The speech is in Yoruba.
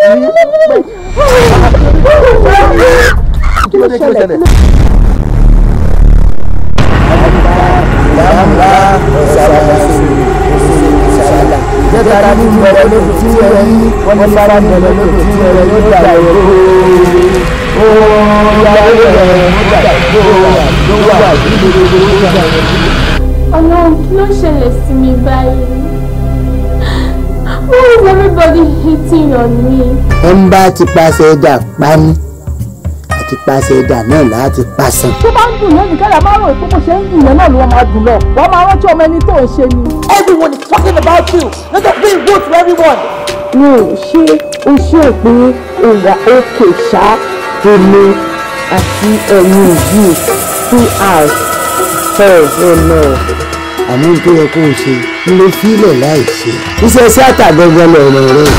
kí ló dé kí ló ṣẹlẹ̀. Bàbá ìsàlẹ̀ ìsàlẹ̀ jẹ́ta ní bẹ̀rẹ̀ lójú tí ẹ yí wọ́n ní sára bẹ̀rẹ̀ lójú tí ẹ yí ó dà yẹ kó yàrá rẹ̀ ó dà tó wà tó wà níbi gbogbo ó dà yẹ kó. Ọlọ́run kí ló ṣẹlẹ̀ sí mi báyìí? Everybody hitting on me. ẹ ń bá ti paṣẹ ẹja pa mí àti paṣẹ ẹja náà láti paṣan. tó bá ń dùn lẹ́nu kẹ́lá máa rò pé bó ṣe ń dùn yẹn náà ló wọ́n máa dùn lọ wọ́n máa rántí ọmọ ẹni tó ń ṣe ni. everyone is talking about you let us be rude to everyone. mi ò ṣe o ṣe pé ìwà òkè ṣá èmi àti ẹ̀yin yìí two hours fẹ́ẹ̀ ẹ̀ náà àmọ́ ohun tó yẹ kó o ṣe ń lè fílẹ̀ láì ṣe iṣẹ́ sátà gangan lọ̀rọ̀ rẹ̀.